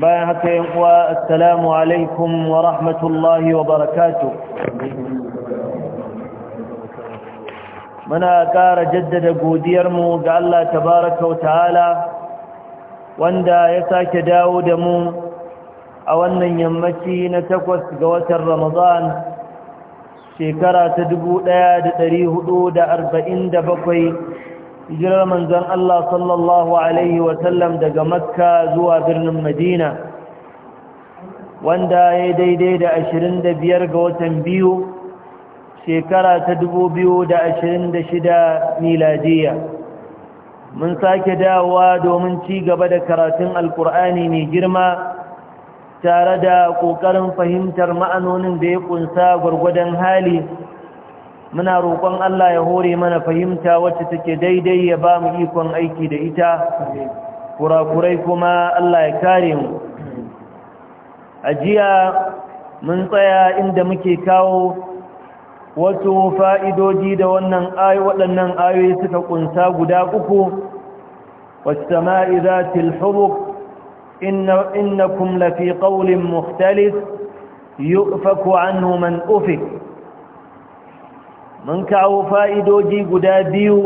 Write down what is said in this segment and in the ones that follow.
bayan haka yan uwa assalamu alaikum wa rahmatullahi wa barakatu muna kara jaddada godiyarmu ga Allah tabaraka wa ta'ala wanda ya sake dawo da mu a wannan yammaci na takwas ga watan Ramadan shekara ta dubu ɗaya da da da arba'in da bakwai. hijirar manzan Allah sallallahu Alaihi wasallam daga makka zuwa birnin madina wanda ya daidai da 25 ga watan biyu shekara ta 2026 miladiya mun sake dawowa domin ci gaba da karatun alkur'ani mai girma tare da ƙoƙarin fahimtar ma'anonin da ya ƙunsa gwargwadon hali muna roƙon Allah ya hore mana fahimta wacce take daidai ya ba mu ikon aiki da ita kurakurai kuma Allah ya kare mu ajiya mun tsaya inda muke kawo wasu fa'idoji da wannan ayi waɗannan ayoyi suka ƙunsa guda uku wasu ma'iza tilhuruk innakum lafi ƙaunin muhtalis yi ufaku annu man ufik mun kawo fa'idoji guda biyu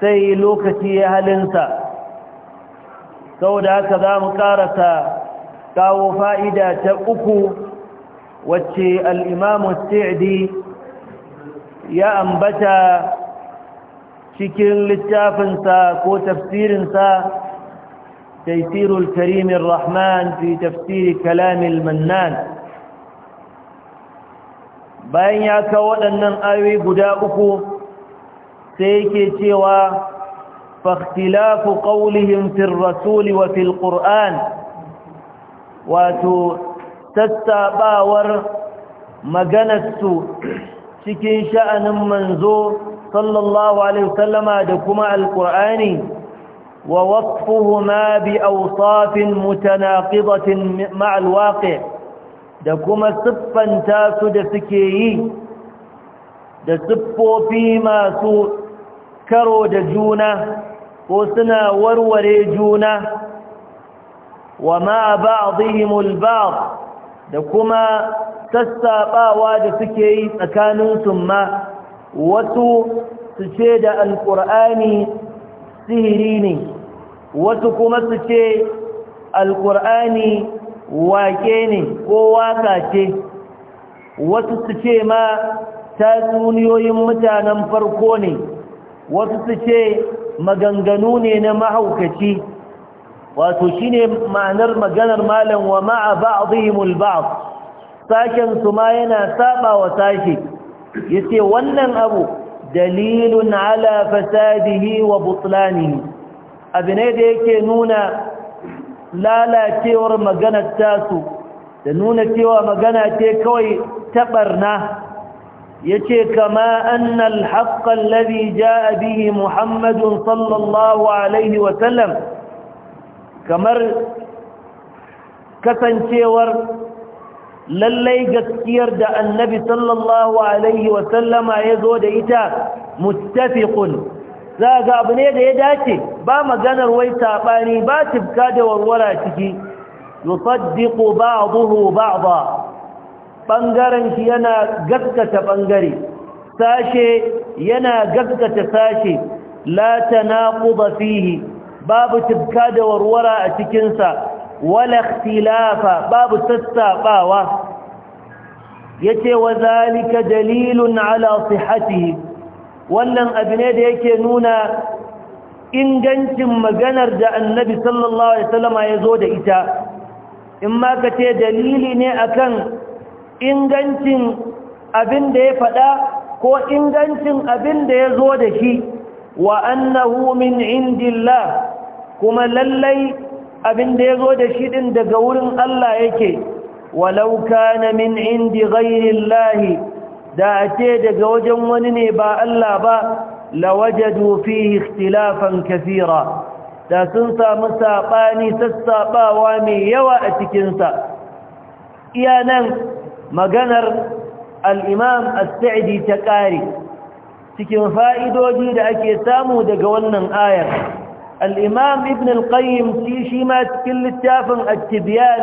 sai lokaci ya halinsa sau da haka za mu karasa kawo fa'ida ta uku wacce al'imamu sa'adi ya ambata cikin littafinsa ko tafsirinsa taisirul karimin rahman fi tafsiri kalamin mannan bayan ya kawo waɗannan ayoyi guda uku sai yake cewa faktilafu ƙaulihim fil rasul wa fil ƙur'an wato tattaɓawar maganarsu cikin sha'anin manzo sallallahu alaihi wasallama da kuma alƙur'ani wa waqfuhuma bi awsafin mutanaqidatin ma'al waqi' da kuma siffanta su da suke yi da siffofi masu karo da juna ko suna warware juna wa ma ba'dihimul ba. da kuma sassaɓawa da suke yi tsakanin summa wasu su ce da Alƙur'ani sihiri ne wasu kuma su ce Alƙur'ani. wake ne ko waka ce wasu su ce ma tatsuniyoyin mutanen farko ne wasu su ce maganganu ne na mahaukaci wato shine ma'anar maganar malam wa ma'a ba'dihimul ba'd saken su ma yana saba wa ya yace wannan abu dalilun ala fasadihi wa butlanihi abine da yake nuna lalacewar maganar tasu da nuna cewa magana ce kawai ta barna yace kama anna al-haqq alladhi jaa bihi muhammadun sallallahu alaihi wa sallam kamar kasancewar lallai gaskiyar da annabi sallallahu alaihi wa sallama yazo da ita muttafiqun za ga abu ne da ya dace ba maganar wai saɓani ba tifka da warwara ciki yusaddiqu ba'dahu ba'da bangaren shi yana gaskata bangare sashe yana gaskata sashe la tanaqud fihi babu tifka da warwara a cikin sa wala ikhtilafa babu sassabawa yace wa zalika dalilun ala sihhatihi wannan abu ne da yake nuna ingancin maganar da annabi sallallahu alaihi wasallama ya zo da ita in ma ka ce dalili ne akan ingancin abin da ya faɗa ko ingancin abin da ya zo da shi wa annahu min indillah kuma lallai abin da ya zo da shi din daga wurin Allah yake walauka na min indi ghairillahi da a ce daga wajen wani ne ba Allah ba lawajadu fihi ikhtilafan kathira da sun samu sabani sassabawa mai yawa a cikin sa iya nan maganar al-Imam As-Sa'di ta kare cikin fa'idodi da ake samu daga wannan ayar al-Imam Ibn al-Qayyim shi ma cikin littafin At-Tibyan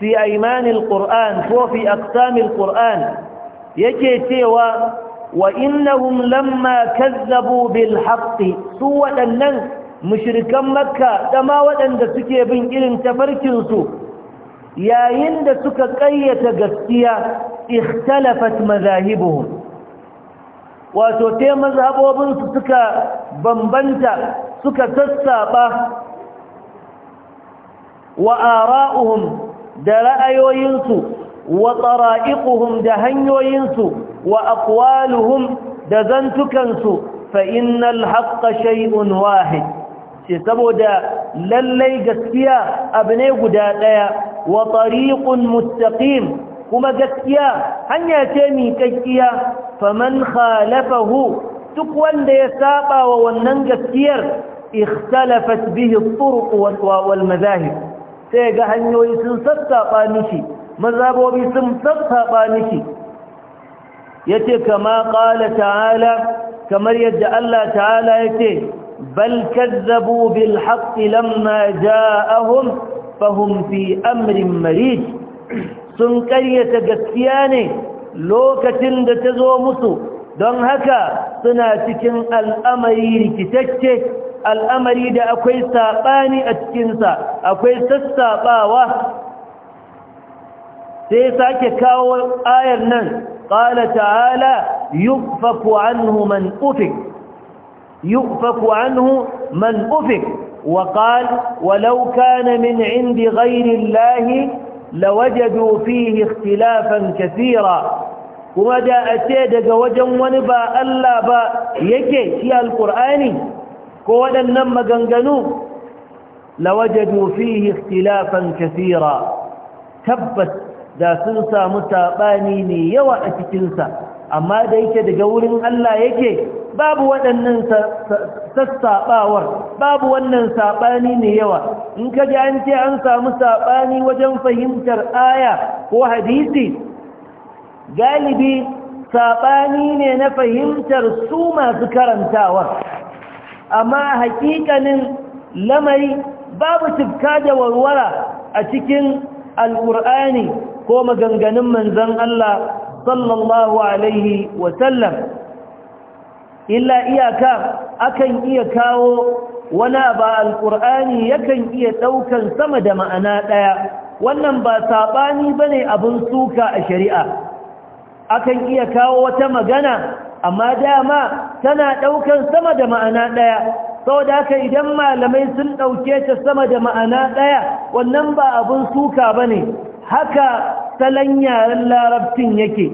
fi ayman al-Qur'an ko fi aqsam al-Qur'an yake cewa wa innahum lamma kazzabu bil haqqi su waɗannan mushrikan makka dama waɗanda suke bin irin tafarkin su yayin da suka ƙayyata gaskiya ikhtalafat mazahibuhum wato te mazhabobin su suka bambanta suka sassaba wa ara'uhum da ra'ayoyinsu wa tsara'iƙuhum da hanyoyinsu wa akwaluhum da zantukansu fa'innal haƙa shai'un wahid ce saboda lallai gaskiya abu guda ɗaya wa tsariƙun mustaƙim kuma gaskiya hanya ce miƙaƙƙiya faman khalafahu duk wanda ya saba wa wannan gaskiyar ikhtalafat bihi turuq wal mazahib sai ga hanyoyi sun sassaba mishi mazabobi sun sassaba miki yace kama qala ta'ala kamar yadda Allah ta'ala yace bal kazzabu bil haqqi lamma ja'ahum fahum fi amrin marij sun karyata gaskiya ne lokacin da ta zo musu don haka suna cikin al'amari rikitacce al'amari da akwai saɓani a cikinsa akwai sassaɓawa sai sake kawo ayar nan qala ta'ala yufafu anhu man ufik yufaku anhu man ufik wa qala walau kana min indi ghayri allahi lawajadu fihi ikhtilafan kathira kuma da a ce daga wajen wani ba Allah ba yake shi alƙur'ani ko waɗannan maganganu lawajadu fihi ikhtilafan kathira tabbas da sun samu saɓani ne yawa a cikinsa amma da yake daga wurin Allah yake babu waɗannan sassaɓawar babu wannan saɓani ne yawa in ka ji an ce an samu saɓani wajen fahimtar aya ko hadisi galibi saɓani ne na fahimtar su masu karantawar amma hakikanin lamari babu tufka da warwara a cikin Alkur'ani. ko maganganun manzon Allah sallallahu alaihi sallam illa iyaka akan iya kawo wani ba alkur'ani yakan iya ɗaukan sama da ma'ana ɗaya wannan ba saɓani ba ne abin suka a shari'a akan iya kawo wata magana amma dama tana ɗaukan sama da ma'ana ɗaya sau da haka idan malamai sun ɗauke ta sama da ma'ana ɗaya wannan ba abin suka ba ne haka salon yaren larabcin yake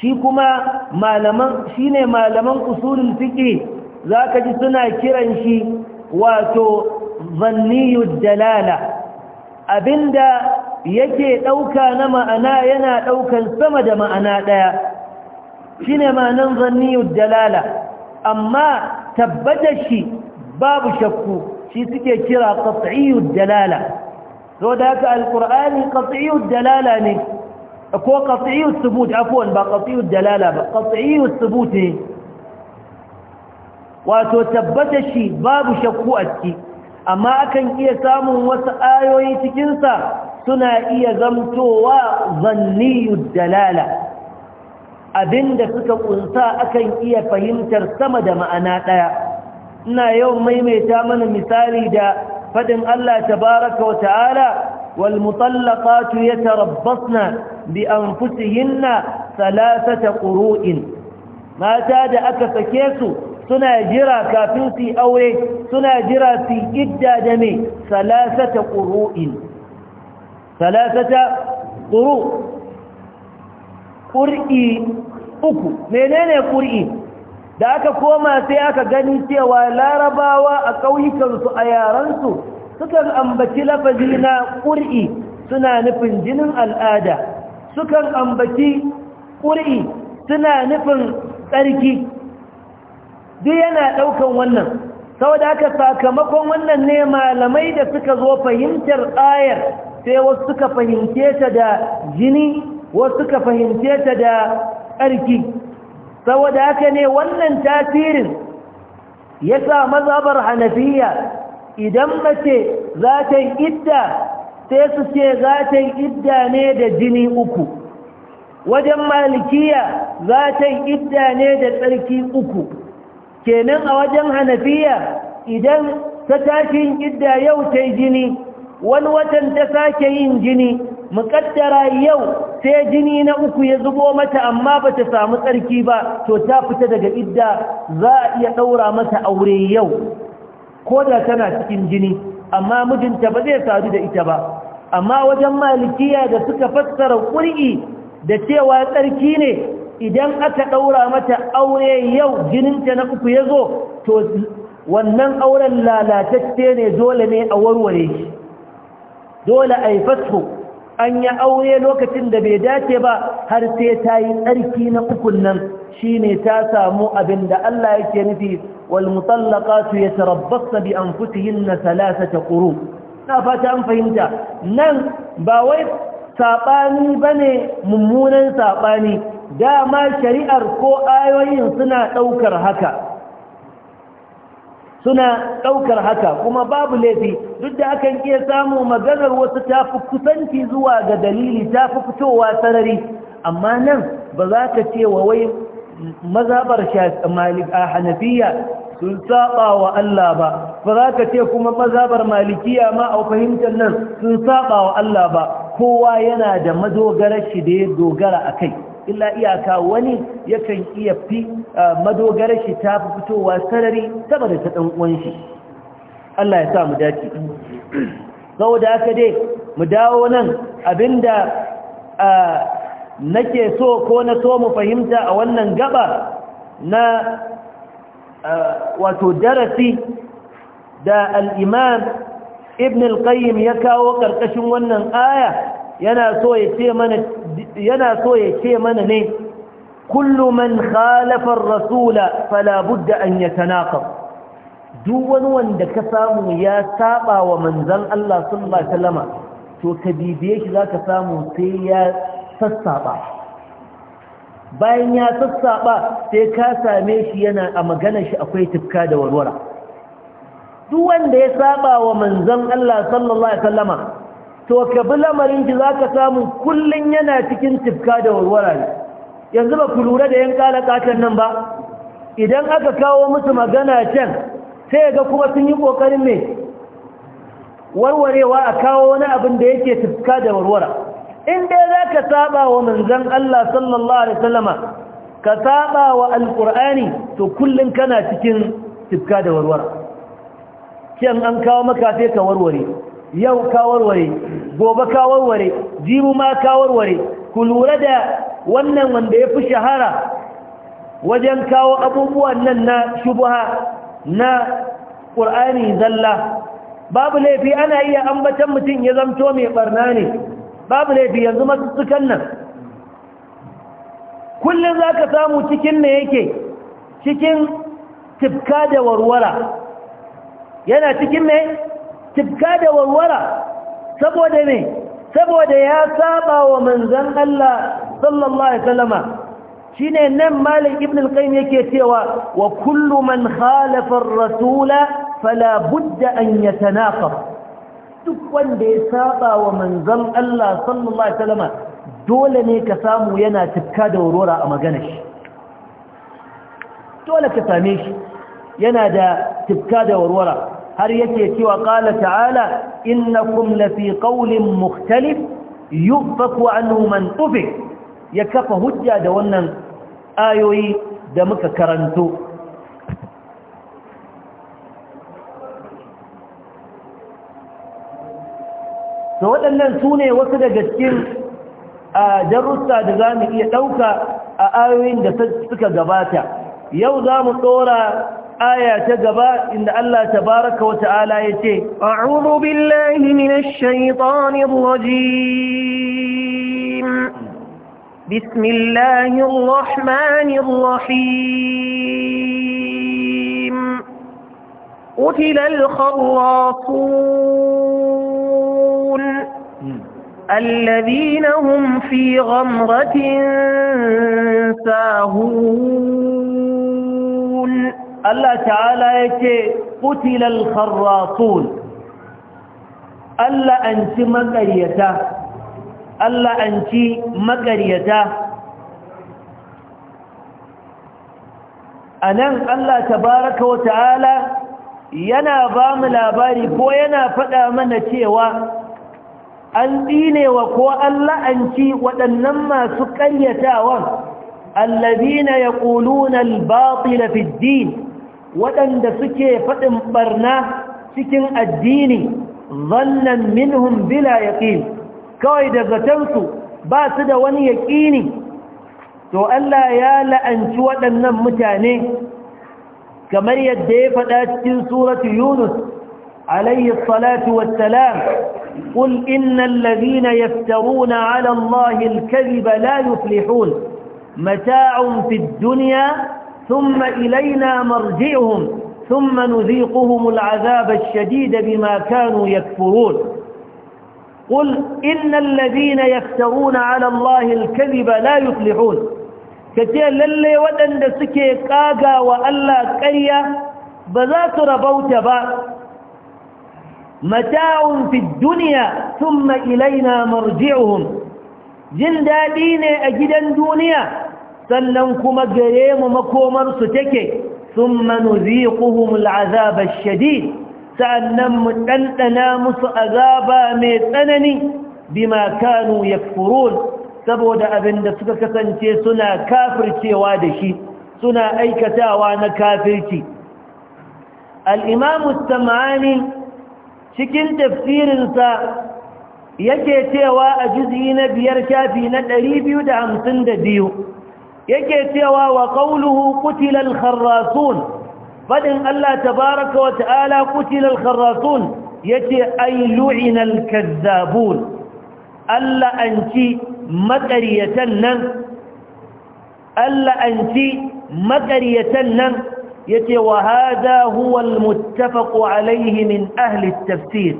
shi kuma malaman shi ne malaman usulun fiƙe za ka ji suna kiran shi wato zanniyar dalala abinda yake ɗauka na ma'ana yana ɗaukan sama da ma'ana ɗaya shi ne ma'anan zanniyar dalala amma tabbatar shi babu shakku shi suke kira ƙasa'iyar dalala so da haka alkur'ani qat'iyyu dalala ne ko qat'iyyu thubut afwan ba qat'iyyu dalala ba qat'iyyu thubut ne wato tabbata shi babu shakku a ciki amma akan iya samun wasu ayoyi cikin sa suna iya zamtowa zanniyu dalala abinda suka kunsa akan iya fahimtar sama da ma'ana daya ina yau maimaita mana misali da فدم الله تبارك وتعالى والمطلقات يتربصن بأنفسهن ثلاثة قروء ما تاد أكفكيس سنا جرى كافنسي أوري سنا جرى في إدى دمي ثلاثة قروء ثلاثة قروء قرئي أكو منين قرئي da aka koma sai aka gani cewa larabawa a ƙauyukansu a yarensu sukan ambaci lafazi na ƙuri suna nufin jinin al'ada sukan ambaci ƙuri suna nufin tsarki duk yana ɗaukan wannan saboda haka sakamakon wannan ne malamai da suka zo fahimtar ayar sai wasu suka fahimce ta da jini wasu suka fahimce ta da tsarki saboda haka ne wannan tasirin ya sa mazabar hanafiya idan mace za ta yi idda sai su ce za ta yi idda ne da jini uku wajen malikiya za ta yi idda ne da tsarki uku kenan a wajen hanafiya idan ta tashi yin idda yau ta yi jini wani watan ta sake yin jini Mukaddara yau sai jini na uku ya zubo mata amma ba ta samu tsarki ba to ta fita daga idda za a iya ɗaura mata aure yau ko da tana cikin jini amma mijinta ba zai sadu da ita ba amma wajen malikiya da suka fassara ƙuri'i da cewa tsarki ne idan aka ɗaura mata aure yau jininta na uku ya zo to wannan auren lalatacce ne dole ne a warware shi dole a yi an yi aure lokacin da bai dace ba har sai ta yi tsarki na ukun nan shine ta samu abin da Allah yake nufi wal mutallaqatu yatarabbasna bi anfusihinna thalathata quru na fata an fahimta nan ba wai sabani bane mummunan sabani dama shari'ar ko ayoyin suna daukar haka suna ɗaukar haka kuma babu laifi duk da akan iya samu maganar wasu ta fi kusanci zuwa ga dalili ta fi fitowa sarari amma nan ba za ka ce wa wai mazabar hanafiya sun saba wa Allah ba ba za ka ce kuma mazabar malikiya ma a fahimtar nan sun saba wa Allah ba kowa yana da madogarar shi da ya dogara a kai illa iyaka wani yakan iya fi madogarar shi ta fitowa sarari saboda ta ɗan Allah ya sa mu dace saboda aka dai mu dawo nan abinda nake so ko na so mu fahimta a wannan gaba na wato darasi da al-imam ibn al-qayyim ya kawo ƙarƙashin wannan aya yana so ya ce mana ne kullu man khalafa rasula fala budda an duk wani wanda ka samu ya saba wa manzan Allah sallallahu alaihi wasallama to ka bibiye shi ka samu sai ya sassaba bayan ya sassaba sai ka same shi yana a magana shi akwai tufka da warwara duk wanda ya saba wa manzon Allah sallallahu alaihi wasallama to ka bi lamarin ki za ka samu kullum yana cikin tifka da warwara ne yanzu ba ku lura da yan kala katon nan ba idan aka kawo musu magana can sai ga kuma sun yi kokarin mai warwarewa a kawo wani abin da yake tifka da warwara in dai za ka saba wa manzan Allah sallallahu alaihi wasallama ka saba wa alkur'ani to kullum kana cikin tifka da warwara kyan an kawo maka sai ka warware yau kawarware gobe kawarware jibu ma kawarware ku lura da wannan wanda ya fi shahara wajen kawo abubuwan nan na shubuha na ƙur'ani zalla babu laifi ana iya ambatan mutum ya zamto mai barna ne babu laifi yanzu matsutsukan nan kullum za ka samu cikin ne yake cikin tifka da warwara yana cikin ne tifka da warwara saboda ne saboda ya saba wa manzan Allah sallallahu alaihi wasallama shine nan malik ibn al-qayyim yake cewa wa kullu man khalafa ar-rasula fala budda an yatanaqab duk wanda ya saba wa manzan Allah sallallahu alaihi wasallama dole ne ka samu yana tifka da warwara a magana shi dole ka same shi yana da tifka da warwara har yake cewa qala ta'ala innakum lafi qawlin mukhtalif yufaku anhu man tufik ya kafa hujja da wannan ayoyi da muka karanto to waɗannan sune wasu daga cikin darussa da za mu iya ɗauka a ayoyin da suka gabata yau za mu ɗora آية جبا إن الله تبارك وتعالى يتي أعوذ بالله من الشيطان الرجيم بسم الله الرحمن الرحيم قتل الخراصون الذين هم في غمرة ساهون Allah ta'ala yake qutilal kharratun Allah an ci maƙaryata Allah an anan Allah tabaraka wa ta'ala yana ba mu labari ko yana faɗa mana cewa an tsinewa ko Allah an la'anci waɗannan masu ƙaryatawan allazina yaquluna al-batila fi ad-din waɗanda suke faɗin barna cikin addini zannan minhum bila yaqin kawai da zatansu ba su da wani yaqini to Allah ya la'anci waɗannan mutane kamar yadda ya faɗa cikin suratu Yunus alayhi salatu wassalam قل إن الذين يفترون على الله الكذب لا يفلحون متاع في الدنيا ثم إلينا مرجعهم ثم نذيقهم العذاب الشديد بما كانوا يكفرون قل إن الذين يفترون على الله الكذب لا يفلحون كتير للي ودن دسكي قاقا وألا قيا بذات ربوت با متاع في الدنيا ثم إلينا مرجعهم دين أجدا دنيا sannan kuma gare mu makomar take sun nuziquhum al'azab ash-shadid sa'annan mu dandana musu azaba mai tsanani bima kanu yakfurun saboda abinda suka kasance suna kafircewa da shi suna aikatawa na kafirci al'imamu samani cikin tafsirinsa yake cewa a juzi na biyar shafi na biyu. yake cewa wa qawluhu qutila al kharasun fadin Allah tabaaraka wa ta'ala qutila al kharasun yace ay lu'ina al-kazzabun Allah anci makariyatan nan Allah anci makariyatan nan yace wa hada huwa al-muttafaq alayhi min ahli at-tafsir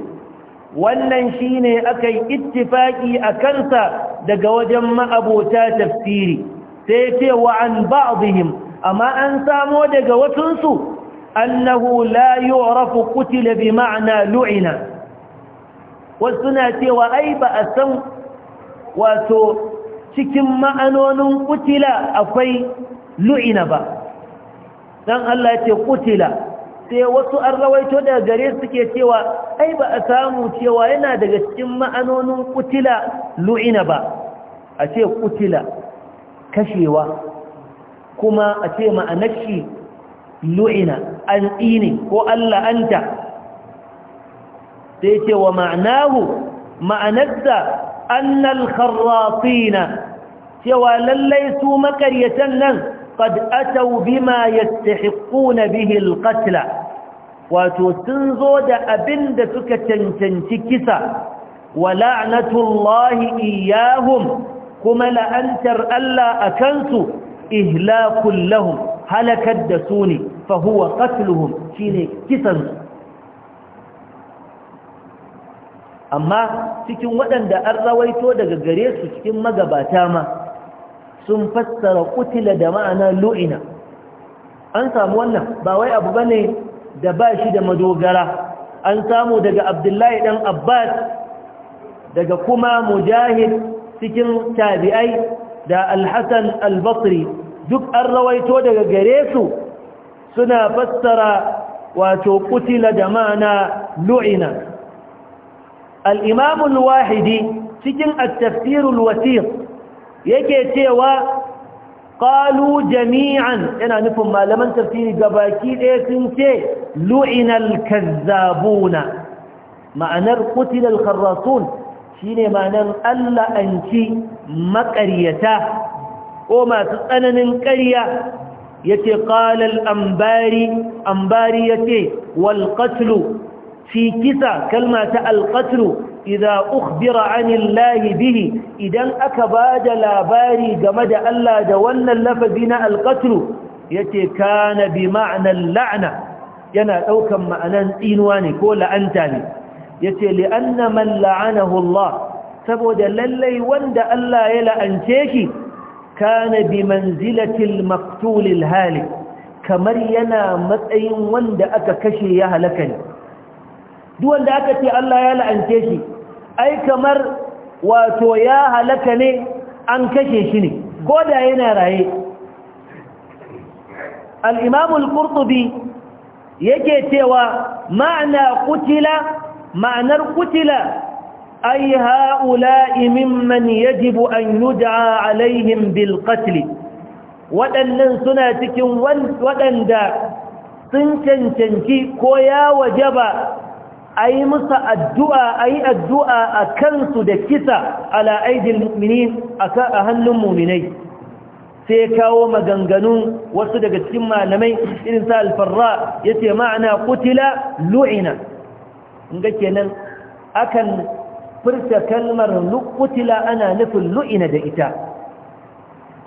wannan shine akai ittifaqi akansa daga wajen ma'abota tafsiri sai ce wa an ba'dihim amma an samo daga wasunsu annahu la yu'rafu qutila bi ma'na lu'ina wasu na cewa ai ba a san wato cikin ma'anonin kutila akwai lu'ina ba dan Allah ce kutila sai wasu an rawaito daga gare suke cewa ai ba a samu cewa yana daga cikin ma'anonin kutila lu'ina ba a ce kutila kashewa kuma a ce ma'anar shi lu'ina an ɗini ko Allah an ta sai ce wa ma'anahu ma'anarsa annal kharrafina cewa lallai su makaryatan nan kad atau bima ya tahiquna bihi alqatla wato sun zo da abin da suka cancanci kisa wa la'natullahi iyahum kuma la'antar Allah a kansu ihlakun lahum halakar da su ne fahuwa katluhum shi ne kisansu amma cikin waɗanda an rawaito daga gare su cikin magabata ma sun fassara kutila da ma'ana lu'ina an samu wannan ba wai abu bane da ba shi da madogara an samu daga abdullahi ɗan abbas daga kuma mujahid cikin tabi'ai da alhassan albasri duk an rawaito daga gare su suna fassara wato kutila da mana lu'ina al'imamun wahidi cikin attafsirul wasir yake cewa ƙalu jami'an yana nufin malaman tafsiri gabaki ɗaya sun ce lu'inal kazzabuna ma'anar kutilal karrasun. ne ma'anar Allah la'anci maƙaryata ko masu tsananin karya yace ce ƙalal ambari ya yace wal qatl fi kisa kalma ta al idan idza ukhbira bihi idan aka ba da labari game da Allah da wannan lafazi na al-qatl yace kana bi ma'na la'ana yana ɗaukan ma'anan tsinuwa ne ko la'anta ne yace li'anna man la'anahu Allah saboda lallai wanda Allah ya la'ance shi kana bi manzilatil maqtul halik kamar yana matsayin wanda aka kashe ya halaka ne duk wanda aka ce Allah ya la'ance shi ai kamar wato ya halaka ne an kashe shi ne goda yana raye al-imam al-qurtubi yake cewa ma'ana qutila ma'anar kutila ai ha'ula'i mimman yajibu an yud'a alaihim bil qatl waɗannan suna cikin waɗanda sun cancanci ko ya wajaba a yi musa addu'a a yi addu'a a kansu da kisa ala aidil a hannun muminai sai kawo maganganun wasu daga cikin malamai irin sa alfarra ya ce ma'ana kutila lu'ina in ga kenan akan furta kalmar luqutila ana nufin lu'ina da ita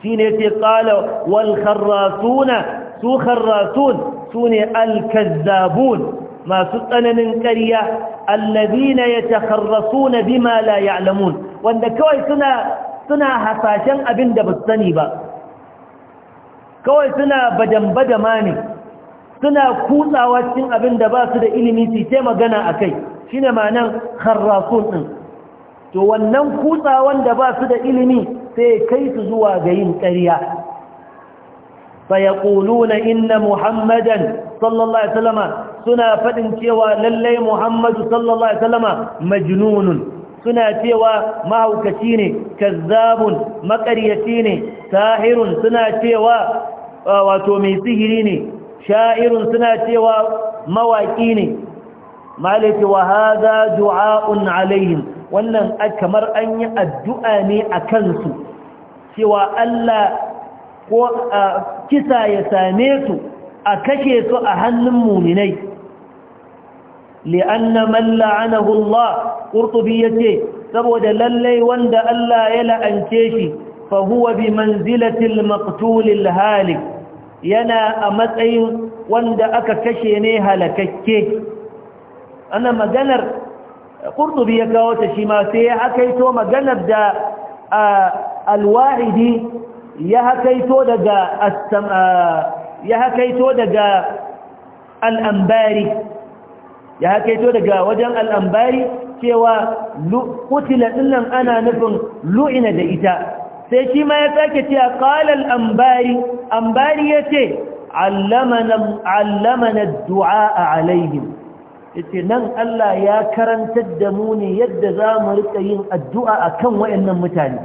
shine sai qala wal kharrasuna su kharrasun sune al kazzabun masu tsananin ƙarya allazina yatakharrasuna bima la ya'lamun wanda kawai suna hasashen abin da ba sani ba kawai suna badan badama ne suna kutsawa cikin abin da ba su da ilimi su magana a kai shi ne manan harrasun ɗin to wannan kutsawan da ba su da ilimi sai kai su zuwa ga yin ƙariya fayakulu na inna muhammadan sallallahu suna faɗin cewa lallai muhammadu sallallahu alaihi majnunun suna cewa mahaukaci ne kazzabun makaryaci ne tahirun suna cewa uh, wato mai sihiri ne sha'irun suna cewa mawaki ne malaki wa hadha du'a'un alaihim wannan kamar an yi addu'a ne a kansu cewa Allah ko kisa ya same su a kashe su a hannun muminai li'anna man la'anahu Allah ya yace saboda lallai wanda Allah ya la'ance shi fa huwa bi manzilatil al halik yana a matsayin wanda aka kashe ne halakakke ana maganar ƙurɗubi ya kawo ta shi ma sai ya hakaito maganar da alwahidi ya hakaito daga ya daga al'ambari ya daga wajen al'ambari cewa kutila ɗinnan ana nufin lu'ina da ita sai shi ma ya sake ce qala ambari ambari. anbari yace allamana allamana ad-du'a alaihim yace nan Allah ya karantar da mu ne yadda za mu rika yin addu'a akan wayannan mutane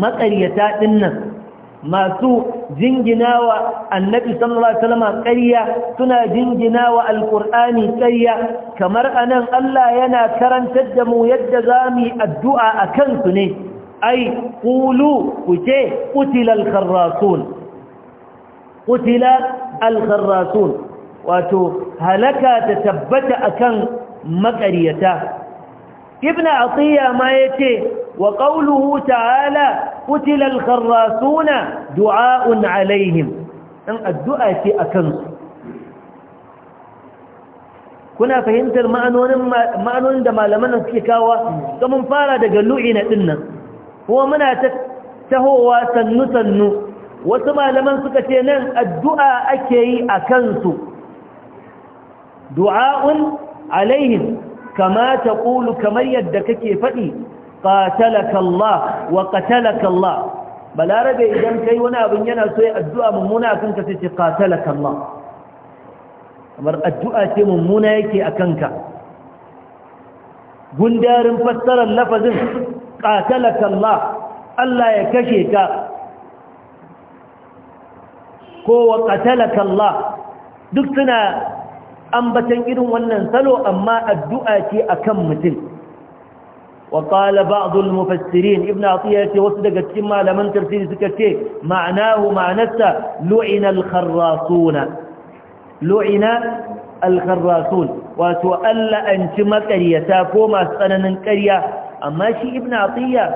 maƙaryata ɗinnan. masu jinginawa annabi sallallahu alaihi wasallam ƙarya suna jinginawa alqur'ani ƙarya kamar anan Allah yana karantar da mu yadda zamu addu'a akan su ne ai kulu ku ce kutila wato halaka ta tabbata akan maƙaryata ibn atiya ma ya ce wa qawluhu ta'ala kutila al-kharrasuna du'a'un alaihim dan addu'a ce akan su kuna fahimtar ma'anonin da malaman suke kawo kuma fara daga lu'ina dinnan kuma muna ta tahowa sannu-sannu wasu malaman suka ce nan addu'a ake yi a kansu du'a'un alaihim kama ta ƙulu kamar yadda kake faɗi ƙatalaka Allah wa ƙatalaka Allah balarabe idan kai wani abin yana so ya addu'a mummuna a kanka sai ce ƙatalaka Allah kamar addu'a ce mummuna yake a kanka gundarin fassarar lafazin qatalaka Allah Allah ya kashe ka ko wa qatalaka Allah duk suna ambatan irin wannan salo amma addu'a ce akan mutum wa ƙala ba'd al-mufassirin ibn atiyya ce wasu daga cikin malaman tafsiri suka ce ma'anahu ma'anarsa lu'ina al al-kharrasun wato Allah an ci maƙaryata ko masu tsananin ƙarya amma shi ibn atiyya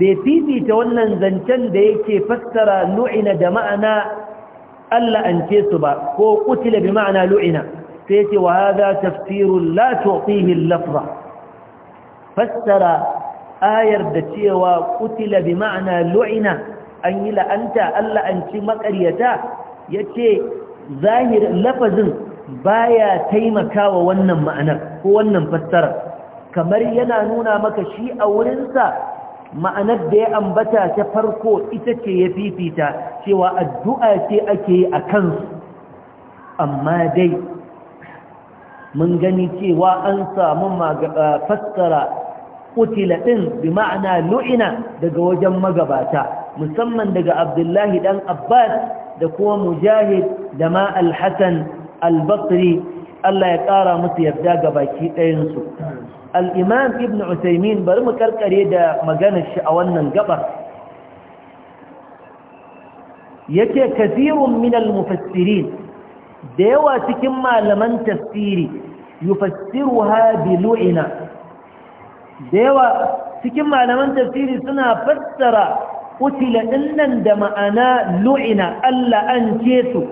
bai fifita wannan zancen da yake fassara lu'ina da ma'ana Allah an ce su ba ko kutila bi ma'ana lu'ina sai yace wa hadha tafsirun la tu'tihi al-lafza fassara ayar da cewa kutila bi ma'ana lu'ina an yi la'anta Allah an ci makaryata yace zahir lafazin baya taimakawa wannan ma'anar ko wannan fassara kamar yana nuna maka shi a wurinsa ma'anar da ya ambata ta farko ita ce ya fifita cewa addu'a ce ake yi a kansu amma dai mun gani cewa an samu fassara kutila ɗin bi ma'ana lu'ina daga wajen magabata musamman daga abdullahi ɗan abbas da kuma mujahid da ma alhassan albasri Allah ya ƙara musu yarda ga baki ɗayansu al'imam ibn Usaimin bari mu karkare da maganar shi a wannan gabar yake kafirun minal mufassirin da yawa cikin malaman tafsiri yufassiruha bi lu'ina da yawa cikin malaman tafsiri suna fassara kutila dinnan da ma'ana lu'ina Allah an ce su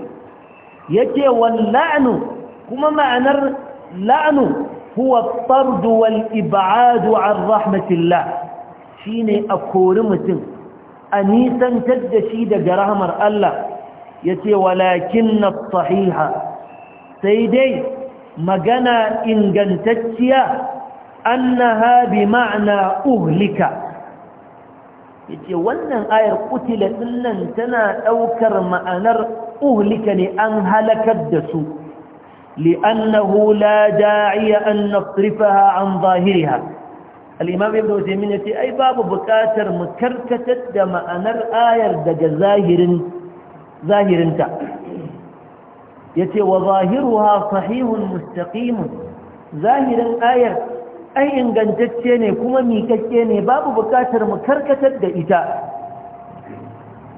yake la'anu kuma ma'anar la'anu? huwa at-tard wal ib'ad 'an rahmatillah shine a kori mutum a nisantar da shi daga rahmar Allah yace walakin as-sahiha sai dai magana ingantacciya annaha bi ma'ana uhlika yace wannan ayar kutila dinnan tana ɗaukar ma'anar uhlika ne an halakar da su لأنه لا داعي أن نصرفها عن ظاهرها الإمام ابن تيمية أي باب بكاتر مكركة دم أنر آير دق ظاهر ظاهر انت يتي وظاهرها صحيح مستقيم ظاهر آير أي إن قنتتيني كما ميكتيني باب بكاتر مكركة دئتا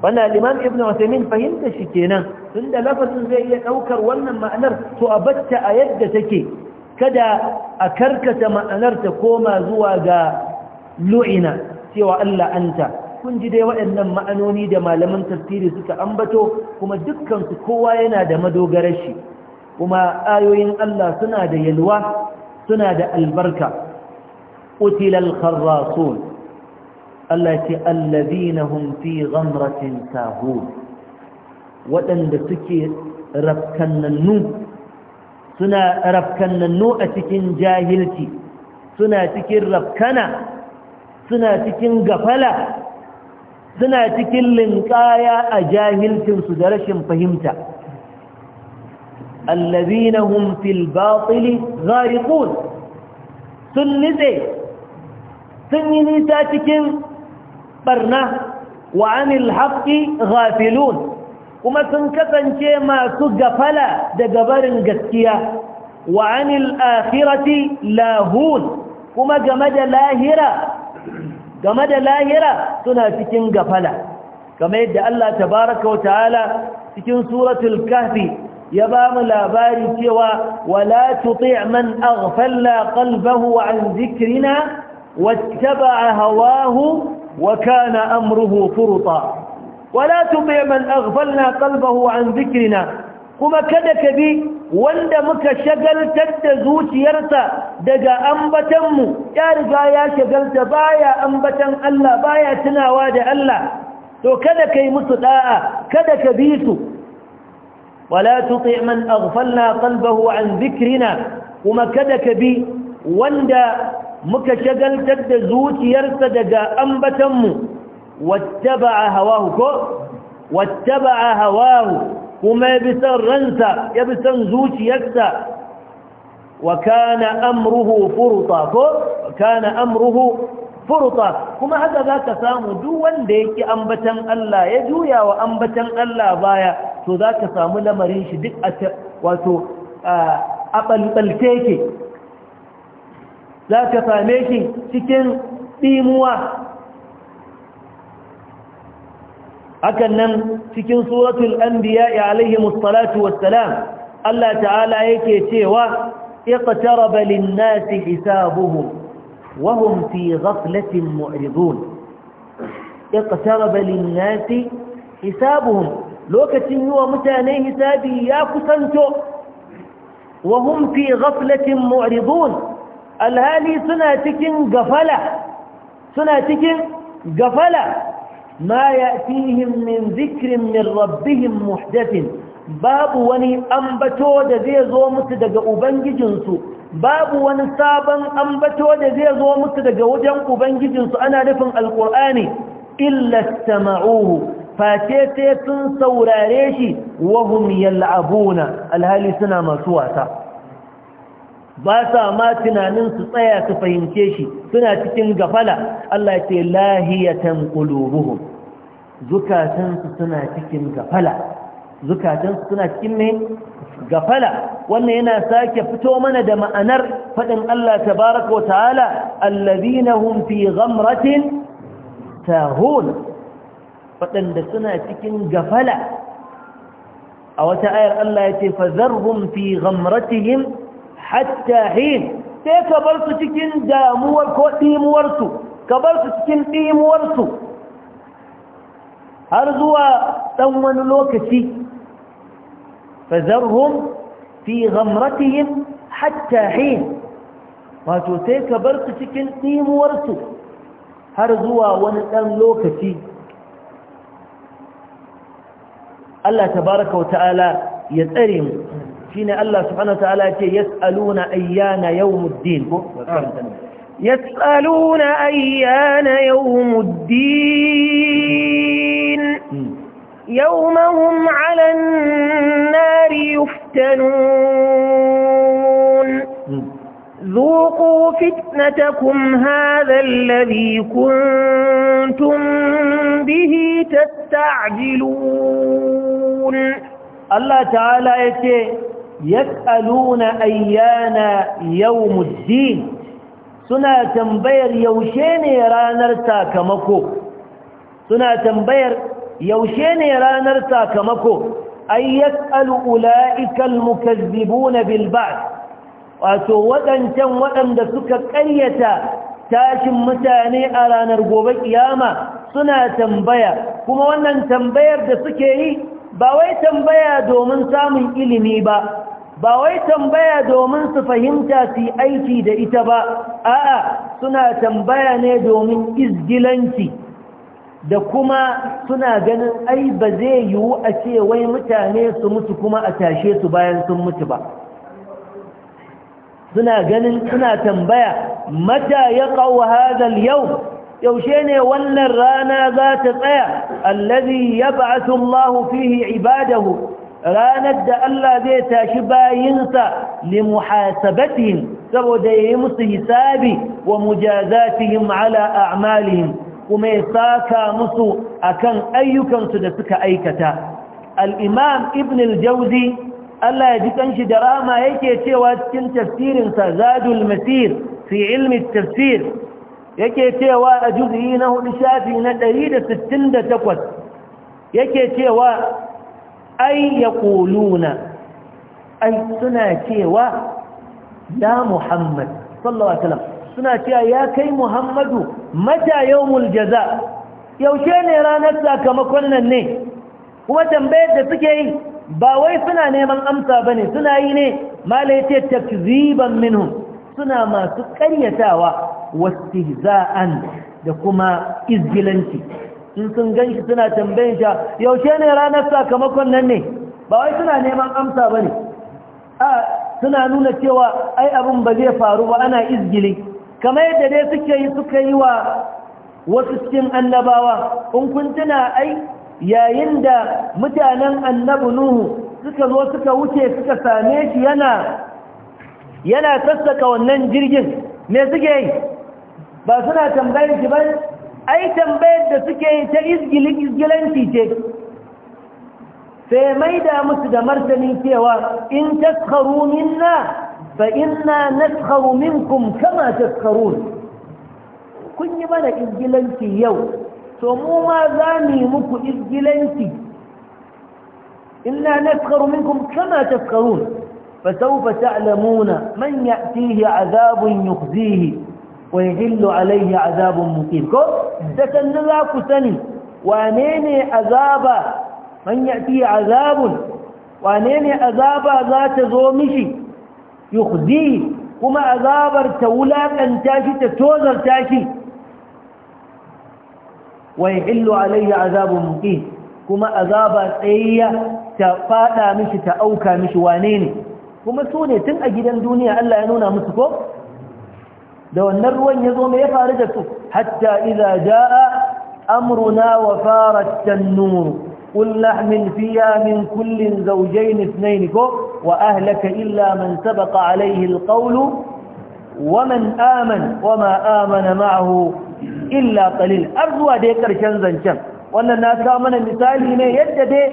وانا الإمام ابن عثيمين فهمت شكينا da lafazin zai iya ɗaukar wannan ma'anar to a bacta a yadda take kada a karkata ma'anar ta koma zuwa ga lu'ina cewa Allah anta kun ji dai waɗannan ma'anoni da malaman tafsiri suka ambato kuma dukkan su kowa yana da madogarar shi kuma ayoyin Allah suna da yalwa suna da albarka utilal kharrasun Allah ce allazina hum fi ghamratin sahun waɗanda suke rafkannannu suna rafkannannu a cikin jahilci suna cikin rafkana suna cikin gafala suna cikin linƙaya a jahilcinsu da rashin fahimta allazina hum fil batili ghariqun sun nitse sun yi nisa cikin barna wa anil haqqi ghafilun kuma sun kasance masu gafala daga barin gaskiya wa anil akhirati lahun kuma game da lahira game da lahira suna cikin gafala kamar yadda Allah tabaraka wa ta'ala cikin suratul kahfi ya ba mu labari cewa wala tuti' man aghfalna qalbahu an dhikrina wattaba hawahu wa kana amruhu furta wala tubi man aghfalna qalbahu an dhikrina kuma kada ka bi wanda muka shagaltar da zuciyarsa daga ambatanmu ya riga ya shagalta baya ambatan Allah baya tunawa da Allah to kada kai musu da'a kada ka bi su wala tuti man aghfalna qalbahu an dhikrina kuma kada ka bi wanda muka shagaltar da zuciyarsa daga ambatanmu wattaba'a hawahu ko wattaba'a hawahu kuma ya bi san ransa ya bi san zuciyarsa wa kana amruhu furta ko kana amruhu furta kuma haka zaka samu duk wanda yake ambatan Allah ya juya wa ambatan Allah baya to zaka samu lamarin shi duk wato a balbalte yake zaka same shi cikin dimuwa hakan nan cikin suratul anbiya alaihi musallatu wassalam Allah ta'ala yake cewa iqtaraba lin-nasi hisabuhum wa hum fi ghaflatin mu'ridun iqtaraba lin-nasi hisabuhum lokacin yiwa mutane hisabi ya kusanto wa hum fi ghaflatin mu'ridun alhali suna cikin gafala suna cikin gafala ما يأتيهم من ذكر من ربهم محدث باب وني أنبتو دزي زو متدق أبنج جنسو باب وني سابا أنبتو دزي زو متدق وجن أبنج جنسو أنا نفن القرآن إلا استمعوه فاتيتي سوراريشي وهم يلعبون الهالي سنة مسواتا ba sa ma tunanin su tsaya su fahimce shi suna cikin gafala Allah ce lahiyatan qulubuhum zukatansu suna cikin gafala zukatansu suna cikin me? gafala wannan yana sake fito mana da ma'anar fadin Allah tabaaraka wa ta'ala alladhina hum fi ghamratin tahun da suna cikin gafala a wata ayar Allah ya ce fazarhum fi ghamratihim hatta hin sai ka bar su cikin damuwar ko ɗimuwarsu ka bar su cikin ɗimuwarsu har zuwa ɗan wani lokaci fazarhum fi ghamratihim hatta hin wato sai ka bar su cikin ɗimuwarsu har zuwa wani ɗan lokaci Allah tabaraka wa ta'ala ya tsare mu shine Allah subhanahu wataala yace yas'aluna ayyana yawmuddin ko yas'aluna ayyana yawmuddin yawmahum 'alan nari yuftanun ذوقوا فتنتكم هذا الذي كنتم به تستعجلون الله تعالى يتي yas'aluna ayyana yawmuddin suna tambayar yaushe ne ranar sakamako suna tambayar yaushe ne ranar sakamako ay yas'alu ulaika almukazzibuna bil wato wadancan wadanda suka ƙaryata tashin mutane a ranar gobe kiyama suna tambaya kuma wannan tambayar da suke yi ba wai tambaya domin samun ilimi ba ba wai tambaya domin su fahimta su aiki da ita ba a'a suna tambaya ne domin izgilanci da kuma suna ganin ai ba zai yiwu a ce wai mutane su mutu kuma a tashe su bayan sun mutu ba suna ganin suna tambaya mata ya kawo hadal yau yaushe ne wannan rana za ta tsaya allazi ya ba'atu Allah fihi ibadahu ranar da Allah zai tashi bayinsa li saboda saboda yayi musu hisabi wa mujazatihim ala a'malihim kuma ya saka musu akan ayyukansu da suka aikata al-imam ibn al-jawzi Allah ya ji kanshi da rama yake cewa cikin tafsirinsa zadul masir fi ilmi tafsir yake cewa a juz'i na hudu shafi na 168 yake cewa ai ya kuluna ai suna cewa ya muhammad sallallahu alaihi suna cewa ya kai muhammadu mata yawmul jaza yaushe ne ranar sakamakon nan ne kuma tambayar da suke yi ba wai suna neman amsa bane suna yi ne malai ce takziban minhum suna masu karyatawa za'an da kuma izgilanci in sun gan shi suna tambayin sha yaushe ne ranar sakamakon nan ne ba wai suna neman amsa ba ne a suna nuna cewa ai abin ba zai faru ba ana izgili kamar yadda dai suke yi suka yi wa wasu cikin annabawa in kun tuna ai yayin da mutanen annabu nuhu suka zo suka wuce suka same shi yana yana sassaka wannan jirgin me suke yi ba suna tambayar shi ba ai tambayar da suke yi ta izgilin izgilanci ce sai mai da musu da martani cewa in taskharu minna fa inna naskharu minkum kama taskharun kun yi mana izgilanci yau to mu ma za mu yi muku izgilanci inna naskharu minkum kama taskharun فسوف ta'lamuna man ya'tihi عذاب yukhzihi wa yahillu alaihi azabun muqim ko da kan za ku sani wane ne azaba man yati azabun wane ne azaba za ta zo mishi yukhzi kuma azabar ta wulakan ta shi ta tozarta shi wa yahillu alaihi azabun muqim kuma azaba tsayya ta fada mishi ta auka mishi wane ne kuma su ne tun a gidan duniya Allah ya nuna musu ko da wannan ruwan ya zo mai ya faru da su hatta iza jaa amruna wa farat tanur qul nahmil fiha min kullin zawjayn ithnayn ko wa ahlaka illa man sabaqa alayhi alqawlu wa man amana wa ma amana ma'ahu illa qalil arzuwa dai karshen zancen wannan na kawo mana misali ne yadda dai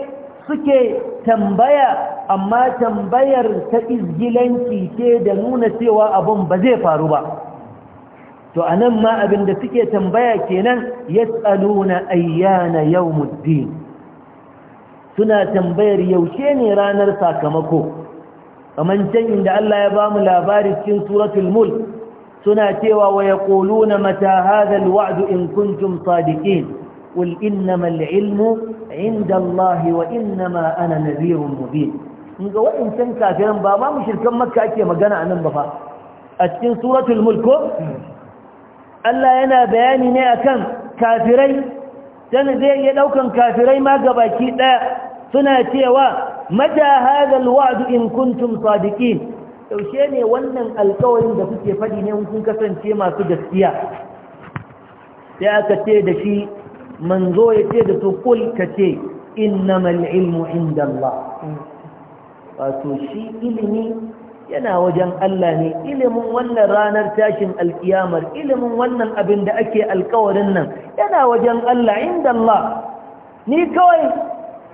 suke tambaya amma tambayar ta izgilanci ce da nuna cewa abun ba zai faru ba to anan ma abin da suke tambaya kenan yas'aluna ayyana yau yawmuddin suna tambayar yaushe ne ranar sakamako kaman inda Allah ya bamu labari cikin suratul mulk suna cewa wa yaquluna mata hadha alwa'd in kuntum sadiqin qul innama alilmu inda Allah wa innama ana nadhirun mubin inga wa'in kafiran ba ma mushrikan makka ake magana nan ba fa a cikin suratul ko. Allah yana bayani ne akan kafirai dan zai iya daukan kafirai ma gabaki daya suna cewa mata hadha alwa'd in kuntum sadiqin yaushe ne wannan alƙawarin da kuke fadi ne kun kasance masu gaskiya sai aka ce da shi manzo ya ce da su kul kace innamal ilmu inda wato shi ilimi yana wajen Allah ne ilimin wannan ranar tashin alkiyamar ilimin wannan abin da ake alkawarin nan yana wajen Allah inda Allah ni kawai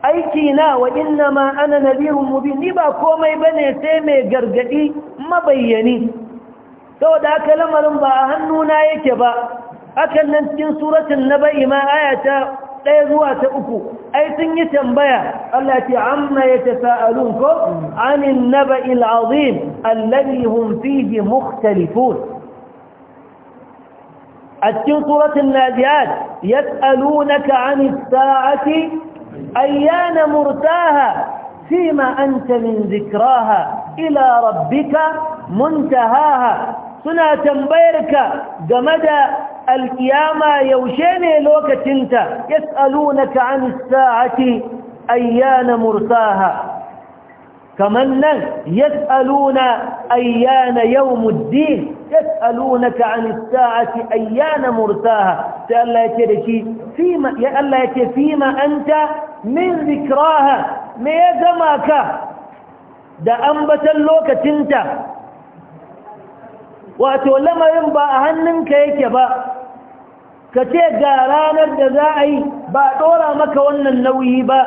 aiki na wa inna ma ana nabirun mubin ni ba komai bane sai mai gargadi mabayyani da aka lamarin ba a hannuna yake ba hakan nan cikin suratul naba'i ma ta. ɗaya zuwa ta uku ai sun yi tambaya Allah ce amma ya tafa'alun ko anin naba'il azim alladhi hum fihi mukhtalifun a cikin suratul najiyat yas'alunaka 'anis sa'ati ayyana murtaha fima فيما أنت من ذكراها إلى ربك منتهاها سنة game da القيامة يوشيني لوكتنت يسألونك عن الساعة أيان مرساها كمن يسألون أيان يوم الدين يسألونك عن الساعة أيان مرساها فألا يتدشي فيما, يألا يتدشي فيما أنت من ذكراها ما يزمك da ambatan lokacinta wato lamarin ba a hannunka yake ba ka ce ga ranar da za a yi ba ɗora maka wannan nauyi ba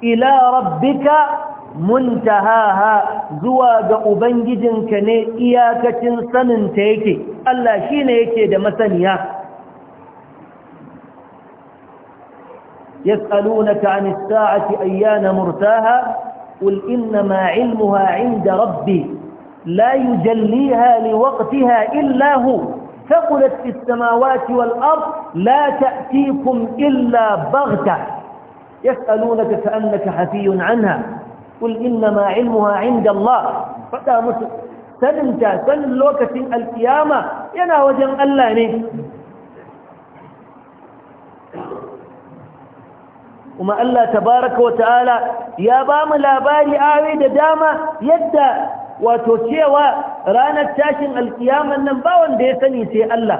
ila rabbika muntahaha zuwa ga ubangijinka ne iyakacin saninta yake Allah shi ne yake da masaniya yas'alunaka 'anis sa'ati ayyana murtaha qul innama 'ilmuha 'inda rabbi la yujalliha liwaqtiha illa hu ثقلت في السماوات والأرض لا تأتيكم إلا بغتة يسألونك كأنك حفي عنها قل إنما علمها عند الله فتا مسلم سننجا سنلوكة القيامة ينا وجم الله ني وما الله تبارك وتعالى يا بام لا بالي آوي داما يدى wato cewa ranar tashin alkiyaman nan ba wanda ya sani sai Allah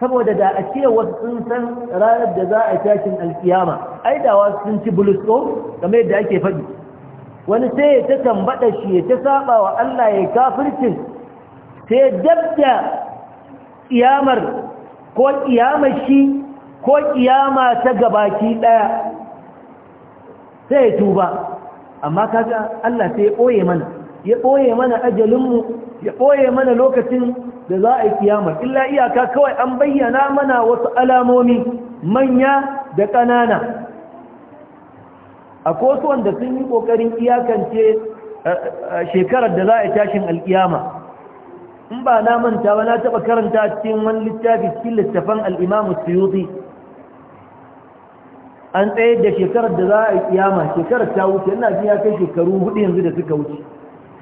saboda da a ce wasu sun san ranar da za a tashin alkiyama ai da wasu sun ci bulusko da yadda ake faɗi wani sai ya ta tambada shi ya ta saba wa Allah ya kafircin sai dabda kiyamar ko kiyamar shi ko kiyama ta gabaki ɗaya, sai ya tuba amma kaga Allah sai ya ɓoye mana ya ɓoye mana ajalinmu ya ɓoye mana lokacin da za a yi kiyama illa iyaka kawai an bayyana mana wasu alamomi manya da ƙanana A wasu wanda sun yi ƙoƙarin iyakance shekarar da za a tashin alƙiyama in ba na manta ba na taɓa karanta cikin wani littafi cikin littafan al'imamu suyuti an tsaye da shekarar da za a yi kiyama shekarar ta wuce ina ya kai shekaru hudu yanzu da suka wuce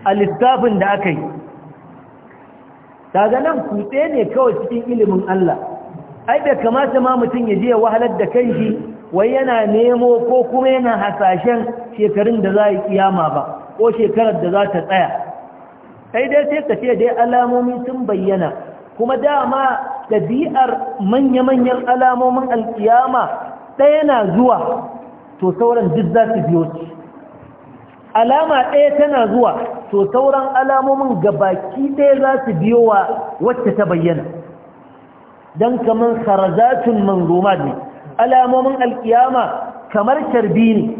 a lissafin da aka yi daga nan kutse ne kawai cikin ilimin Allah ai da kamata ma mutum ya jiya wahalar da kanshi wai yana nemo ko kuma yana hasashen shekarun da za a yi kiyama ba ko shekarar da za ta tsaya sai dai sai ka ce dai alamomi sun bayyana kuma dama ɗabi'ar manya-manyan alamomin alkiyama ɗaya na zuwa to sauran duk za su biyo ci alama ɗaya tana zuwa to sauran alamomin gabaki ɗaya za su biyo wa wacce ta bayyana don kamar kharajatun manzuma ne alamomin alkiyama kamar carbi ne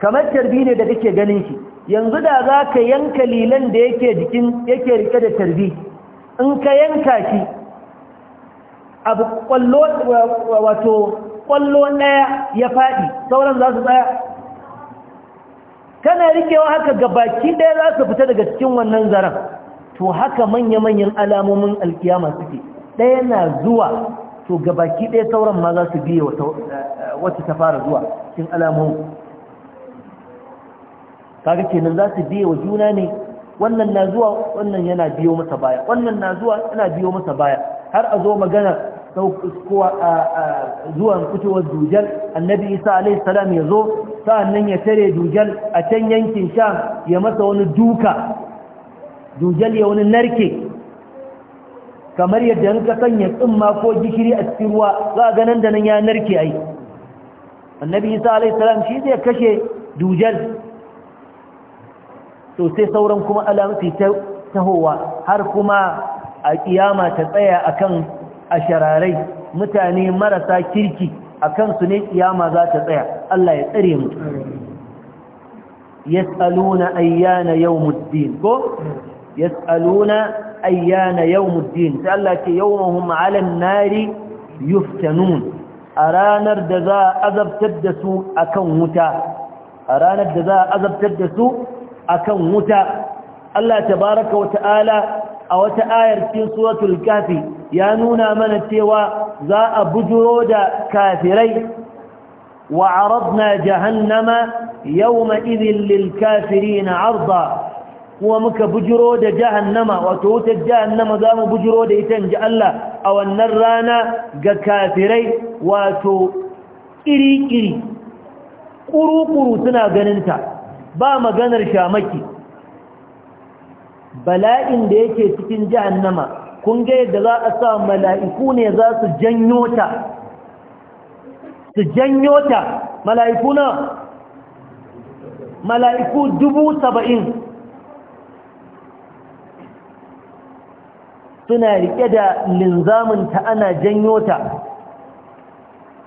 kamar carbi ne da kake ganin shi yanzu da za ka yanka lilan da yake jikin yake rike da carbi in ka yanka shi abu kwallo wato kwallo ɗaya ya faɗi sauran za su tsaya kana rikewa haka ga baki ɗaya za su fita daga cikin wannan zaren to haka manya-manyan alamomin alkiyama suke ɗaya na zuwa to ga baki ɗaya sauran ma za su biye wata ta fara zuwa cikin alamomin kaga kenan za su biye wa juna ne wannan na zuwa wannan yana biyo masa baya wannan na zuwa yana biyo masa baya har a zo magana zuwan fitowar dujal annabi isa alaihi salam ya zo sa'annan ya tare dujal a can yankin sham ya masa wani duka dujal ya wani narke kamar yadda an ka sanya tsimma ko gishiri a cikin ruwa za ga nan da nan ya narke ai annabi isa alaihi salam shi zai kashe dujal sosai sauran kuma alamu ta tahowa har kuma a kiyama ta tsaya akan a shararai mutane marasa kirki a kansu ne kiyama za ta tsaya Allah ya tsare mu yas'aluna ayyana yawmuddin ko yas'aluna ayyana yawmuddin sai Allah ce yawmuhum 'alan nari yuftanun a ranar da za a azabtar da su akan wuta a ranar da za a azabtar da su akan wuta Allah tabaraka wa ta'ala a wata ayar cikin suratul kafi ya nuna mana cewa za a bujuro da kafirai wa arabna jahannama yawma idhin lil na arda kuma muka bujuro da jahannama wato wutar jahannama za mu bujuro da ita ji Allah a wannan rana ga kafirai wato iri-iri ƙuru-ƙuru suna ganinta ba maganar shamaki bala'in da yake cikin jahannama kun ga yadda za a sa mala'iku ne za su janyo ta su janyo ta mala'iku na mala'iku dubu saba'in suna rike da linzaminta ana janyo ta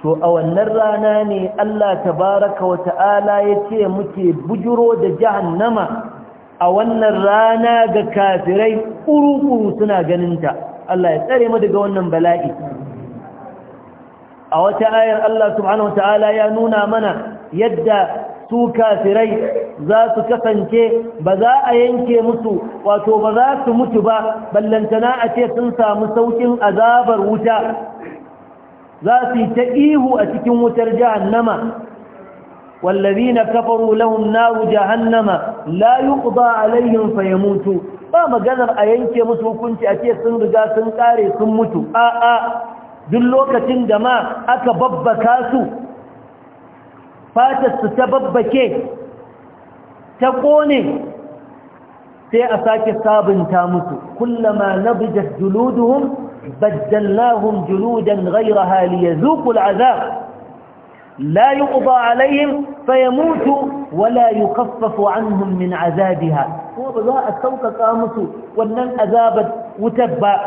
to a wannan rana ne Allah tabaraka wa ta'ala ya ce muke bujuro da nama a wannan rana ga kafirai kuru-kuru suna ganinta Allah ya tsare mu daga wannan bala'i a wata ayar Allah subhanahu wata'ala ya nuna mana yadda su kafirai za su kasance ba za a yanke musu wato ba za su mutu ba ballantana a ce sun samu saukin azabar wuta za su yi ta ihu a cikin wutar nama. والذين كفروا لهم نار جهنم لا يقضى عليهم فيموتوا فما قدر sun مسوكنت sun سنرقا سنقاري سمتوا آآ آآ دلوكة دماء أكبب كاسو fatar su ta babbake ta ƙone sai a sake sabunta musu kullama nabijat juluduhum baddalnahum juludan ghayraha liyazuqu al'azab لا يقضى عليهم فيموتوا ولا يخفف عنهم من عذابها وبذاء السوق قامت وأنن أذابت وتبع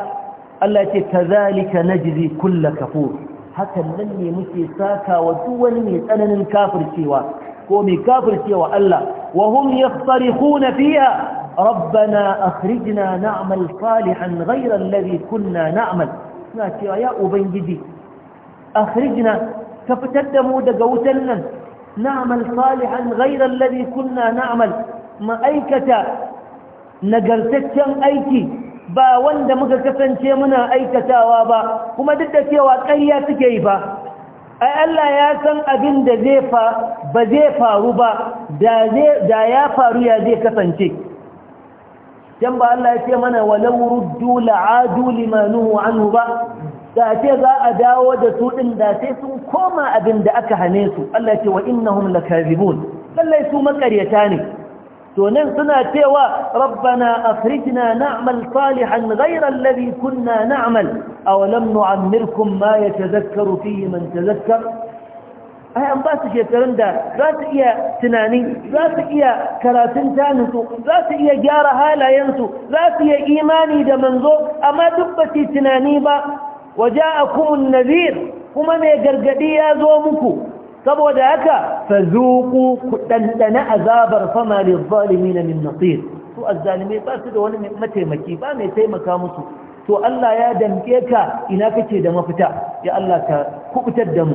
التي كذلك نجزي كل كفور حتى لن يمشي ساكا ودول يسألن الكافر سوى قومي كافر سوى ألا وهم يخترخون فيها ربنا أخرجنا نعمل صالحا غير الذي كنا نعمل سنة يا أبنجدي أخرجنا ka fitar da mu daga wutan nan na'mal salihan ghayra Ladi, kunna na'amal. ma'aikata nagartaccen aiki ba wanda muka kasance muna aikatawa ba kuma duk da cewa ƙarya suke yi ba ai Allah ya san abin da zai fa ba zai faru ba da ya faru ya zai kasance dan ba Allah ya ce mana walau ruddu la'adu limanuhu anhu ba da ce za a dawo da su ɗin da sai sun koma abin da aka hane su Allah ce wa innahum lakazibun lallai su makaryata ne to suna cewa rabbana akhrijna na'mal salihan ghayra alladhi kunna na'mal aw lam nu'ammirkum ma yatadhakkaru fihi man tadhakkara ai ba su shekarun da za su iya tunani za su iya karatun taninsu za su iya gyara halayensu za su iya imani da manzo amma duk ba su tunani ba kumun nazir kuma mai gargadi ya zo muku saboda haka fazuku ku dandana azabar fama na min nasir su azalimi ba su da wani mataimaki ba mai taimaka musu to Allah ya damke ka ina kake da mafita ya Allah ka kubutar da mu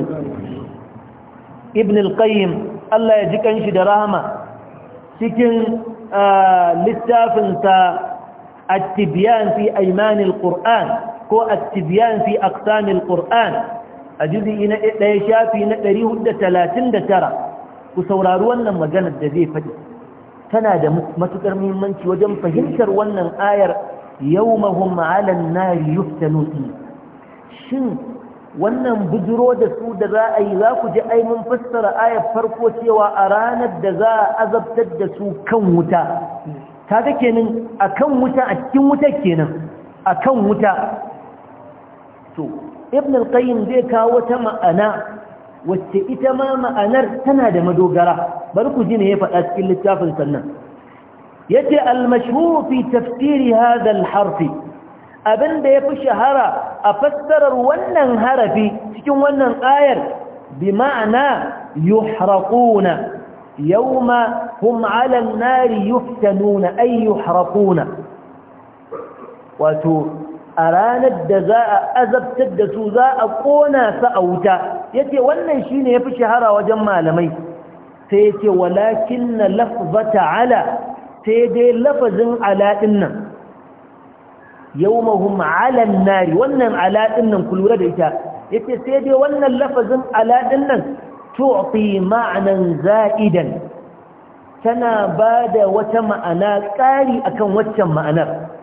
ibn al-qayyim Allah ya ji kanshi da rahama cikin littafinsa at-tibyan fi ayman al-qur'an ko at-tibyan fi aqsam al-Qur'an a juz'i na 1 shafi na 439 ku saurari wannan maganar da zai faɗi tana da matukar muhimmanci wajen fahimtar wannan ayar yawmahum 'ala an yuftanun shin wannan bujiro da su da za a yi za ku ji ai mun fassara ayar farko cewa a ranar da za a azabtar da su kan wuta kaga kenan akan wuta a cikin wuta kenan akan wuta to ibn al-qayyim zai kawo ta ma'ana wacce ita ma ma'anar tana da madogara bari ku ji ne ya faɗa cikin littafin sannan yace al-mashhur fi tafsiri hadha al-harf da yafi shahara a fassarar wannan harafi cikin wannan ayar bi ma'ana yuhraquna yawma hum 'ala an-nari yuftanuna ay yuhraquna wato a ranar da za a azabtar da su za a ƙona su a wuta ya ce wannan shi ne ya fi shahara wajen malamai sai ce walakin na lafzata ala sai dai lafazin ala dinnan yawmahum ala an-nar wannan ala nan ku lura da ita ya ce sai dai wannan lafazin ala nan, tu'ti ma'nan za'idan tana ba da wata ma'ana ƙari akan waccan ma'anar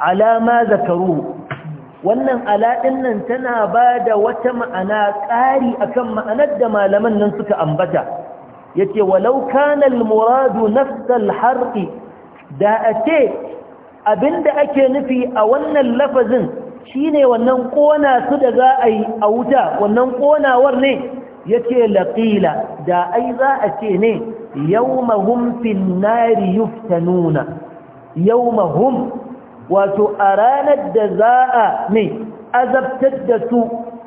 alama zakaru wannan alaɗin nan tana ba da wata ma'ana ƙari akan ma'anar da malaman nan suka ambata yace walau muradu almuradu nafsal harqi da ace abinda ake nufi a wannan lafazin shine wannan kona su da za a yi a wuta wannan konawar ne yace laƙila, da ai za a ce ne yawmahum ta nari yuftanuna yawmahum wato a ranar da za a ne azabtar da su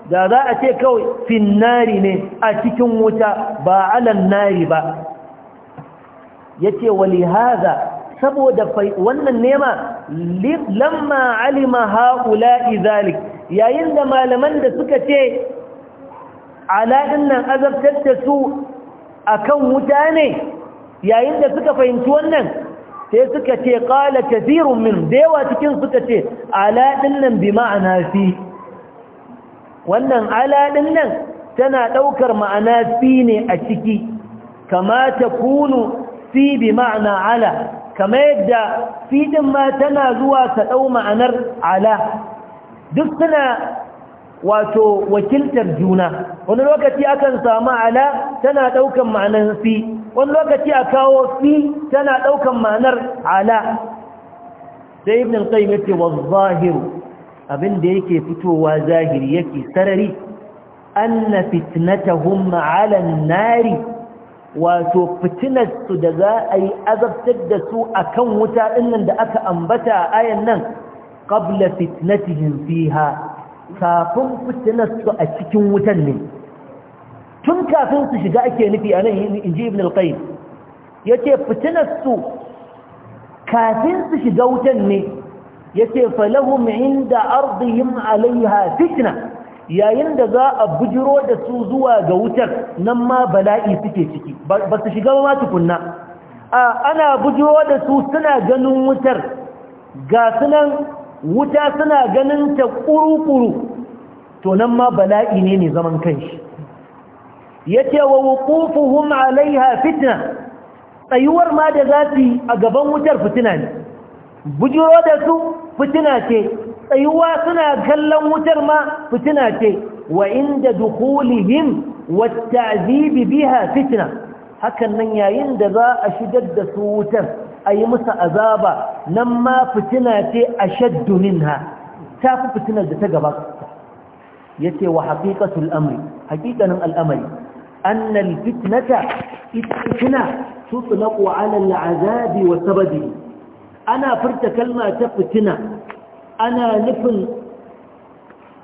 da za a ce kawai finnari ne a cikin wuta ba alan nari ba ya ce wali haza saboda wannan nema lamma alima haƙula izalik yayin da malaman da suka ce ala'in nan azabtar da su akan wuta ne yayin da suka fahimci wannan sai suka ce ƙala kathirun min dewa cikin suka ce ala nan bi ma'ana fi wannan ala nan tana ɗaukar ma'ana fi ne a ciki kama kunu fi bi ma'ana ala kama yadda fi din ma tana zuwa ta ma'anar ala duk suna wato wakiltar juna wani lokaci akan samu ala tana ɗaukar ma'anar fi wani lokaci a kawo fi tana ɗaukan ma'anar ala sai ibn kai qayyim wa zahiru abin da yake fitowa zahiri yake sarari anna fitnatahum ala an-nari wato fitinar su da za a yi azabtar da su akan wuta dinnan da aka ambata a ayan nan qabla fitnatihim fiha kafin fitinar su a cikin wutan ne tun kafin su shiga ake nufi a nan inji ibn al-qayyim yace fitinar su kafin su shiga wutan ne yace falahum inda ardihim alaiha fitna yayin da za a bujiro da su zuwa ga wutar nan ma bala'i suke ciki ba su shiga ba tukunna a ana bujiro da su suna ganin wutar ga sunan wuta suna ganin ta kuru-kuru to nan ma bala'i ne ne zaman kanshi yace wa wuqufuhum alaiha fitna tsayuwar ma da zafi a gaban wutar fitina ne bujuro da su fitina ce tsayuwa suna kallon wutar ma fitina ce wa inda dukhulihim والتعذيب بها فتنه hakan nan yayin da za a shigar da su wutar a yi musu azaba nan ma fitina ce a shaddunin ha ta fi fitinar da ta gaba ya ce wa haƙiƙatul amri haƙiƙanin al'amari أن الفتنة الفتنة تطلق على العذاب وسببه أنا فرت كلمة تفتنة أنا نفل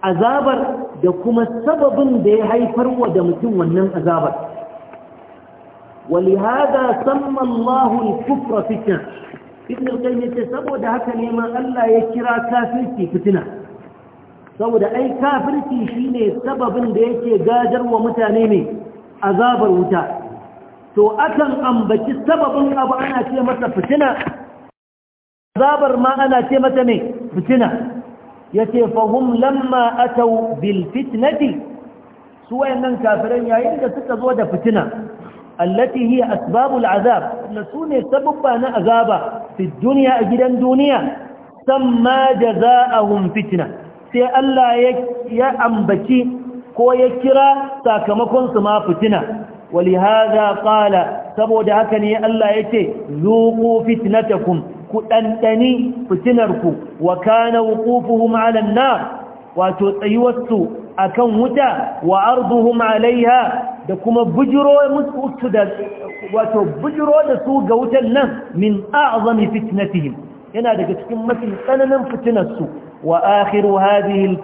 azabar da kuma sababin da ya haifar wa da mutum wannan azabar ولهذا سمى الله الكفر فتنة ابن القيم يتسبب ده haka neman Allah ya kira kafirci fitina saboda ai kafirci shine sababin da yake wa mutane ne azabar wuta to akan ambaci sababin abu ana ce masa fitina azabar ma ana ce mata ne fitina yace fahum lamma atau bil fitnati su wayannan kafiran yayin da suka zo da fitina allati hiya asbabul azab la sune sababba na azaba fi dunya a gidan duniya samma jazaa'ahum fitna sai Allah ya ambaci ko ya kira sakamakon su ma fitina ولهذا ƙala saboda haka ne Allah yake zuqu fitnatakum ku ɗanɗani fitinarku wa kana wuqufuhum ala an wato tsayuwarsu akan wuta wa arduhum alaiha da kuma bujiro musu da wato bujiro da su ga wutan nan min a'zami fitnatihim yana daga cikin mafi tsananin fitinarsu wa akhiru hadhihi al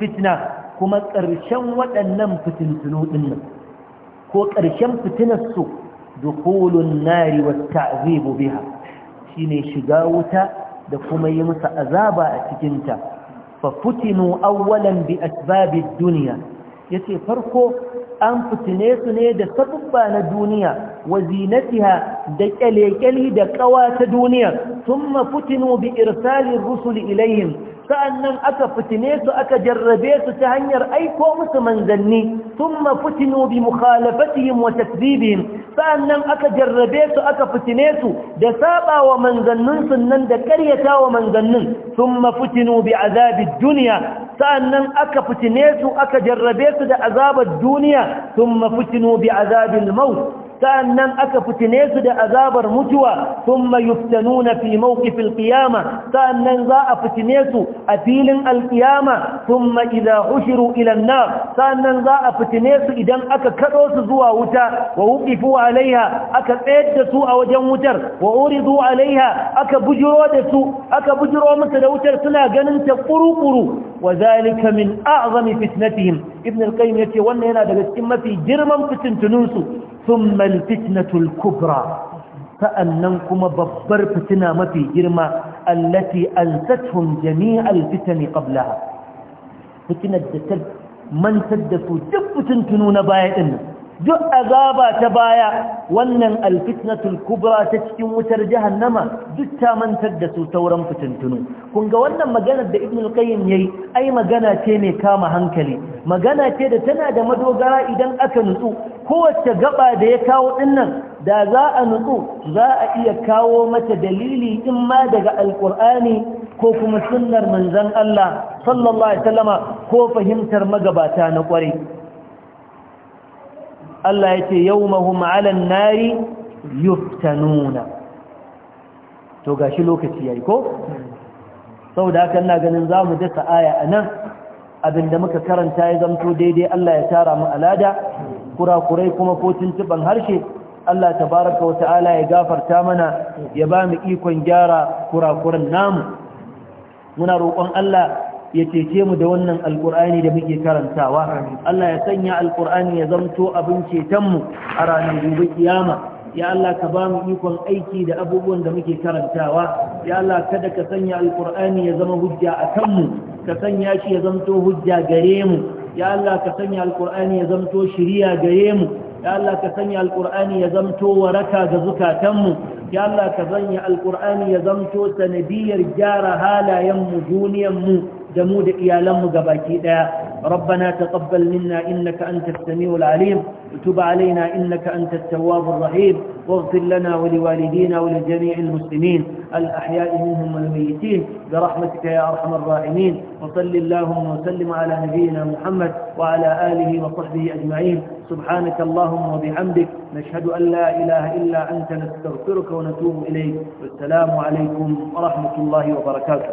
kuma ƙarshen waɗannan fitintunu ɗin ko ƙarshen fitinarsu dukulun nari wa ta'zibu biha shine shiga wuta da kuma yi masa azaba a cikinta fa futinu auwalan bi duniya, ya yace farko an fitine su ne da sabubba na duniya wa zinatiha da kyalekyali da kawa ta duniya thumma futinu bi irsalin rusul ilayhim sa'annan aka fitine su aka jarrabe su ta hanyar aiko musu manzanni thumma futinu bi mukhalafatihim wa takdhibihim sa'annan aka jarrabe su aka fitine su da saba wa manzannin sunnan da karyata wa manzannin thumma futinu bi azabin duniya sa'annan aka fitine su aka jarrabe su da azabar duniya thumma futinu bi azabin maut sa'annan aka fitine su da azabar mutuwa thumma na fi mawqifil qiyama sa'annan za a fitine su a filin alƙiyama thumma idha hushiru ila an sa'annan za a fitine su idan aka kaɗo su zuwa wuta wa wuqifu alaiha aka tsayar da su a wajen wutar wa uridu alaiha aka bujiro da su aka bujiro musu da wutar suna ganin ta kurukuru wa zalika min a'azami fitnatihim ibn al-qayyim yace wannan yana daga cikin mafi girman fitintunun su ثم الفتنة الكبرى فأنكم ببر فتنة ما في جرمة التي ألتتهم جميع الفتن قبلها فتنة جسد من سدسوا جب تنتنون بايئن جو أغابة تبايا ونن الفتنة الكبرى تشكي متر جهنم جتا من سدسوا تورا فتنتنون kunga wannan maganar da ibn qayyim yayi ai magana ce mai kama hankali magana ce da tana da madogara idan aka nutsu kowace gaba da ya kawo dinnan da za a nutsu za a iya kawo mata dalili in ma daga alkur'ani ko kuma sunnar manzon Allah sallallahu alaihi wasallama ko fahimtar magabata na kware Allah yace yawmahum 'alan nari yuftanuna to gashi lokaci yayi ko saboda haka ina ganin zamu dasa aya anan abinda muka karanta ya zanto daidai Allah ya tara mu alada kurakurai kuma ko tuntuban harshe Allah tabaraka wa ta'ala ya gafarta mana ya ba mu ikon gyara kurakuran namu muna roƙon Allah ya cece mu da wannan alkur'ani da muke karantawa Allah ya sanya alkur'ani ya zamto abin cetonmu a ranar gobe kiyama ya Allah ka ba mu ikon aiki da abubuwan da muke karantawa ya Allah kada ka sanya alkur'ani ya zama hujja a kanmu ka sanya shi ya zamto hujja gare mu ya Allah ka sanya alkur'ani ya zamto shiriya gare mu ya Allah ka sanya alkur'ani ya zamto waraka ga zukatanmu ya Allah ka sanya alkur'ani ya zamto sanadiyar gyara halayenmu mu, da mu da iyalanmu gabaki ɗaya. ربنا تقبل منا إنك أنت السميع العليم وتب علينا إنك أنت التواب الرحيم واغفر لنا ولوالدينا ولجميع المسلمين الأحياء منهم والميتين برحمتك يا أرحم الراحمين وصل اللهم وسلم على نبينا محمد وعلى آله وصحبه أجمعين سبحانك اللهم وبحمدك نشهد أن لا إله إلا أنت نستغفرك ونتوب إليك والسلام عليكم ورحمة الله وبركاته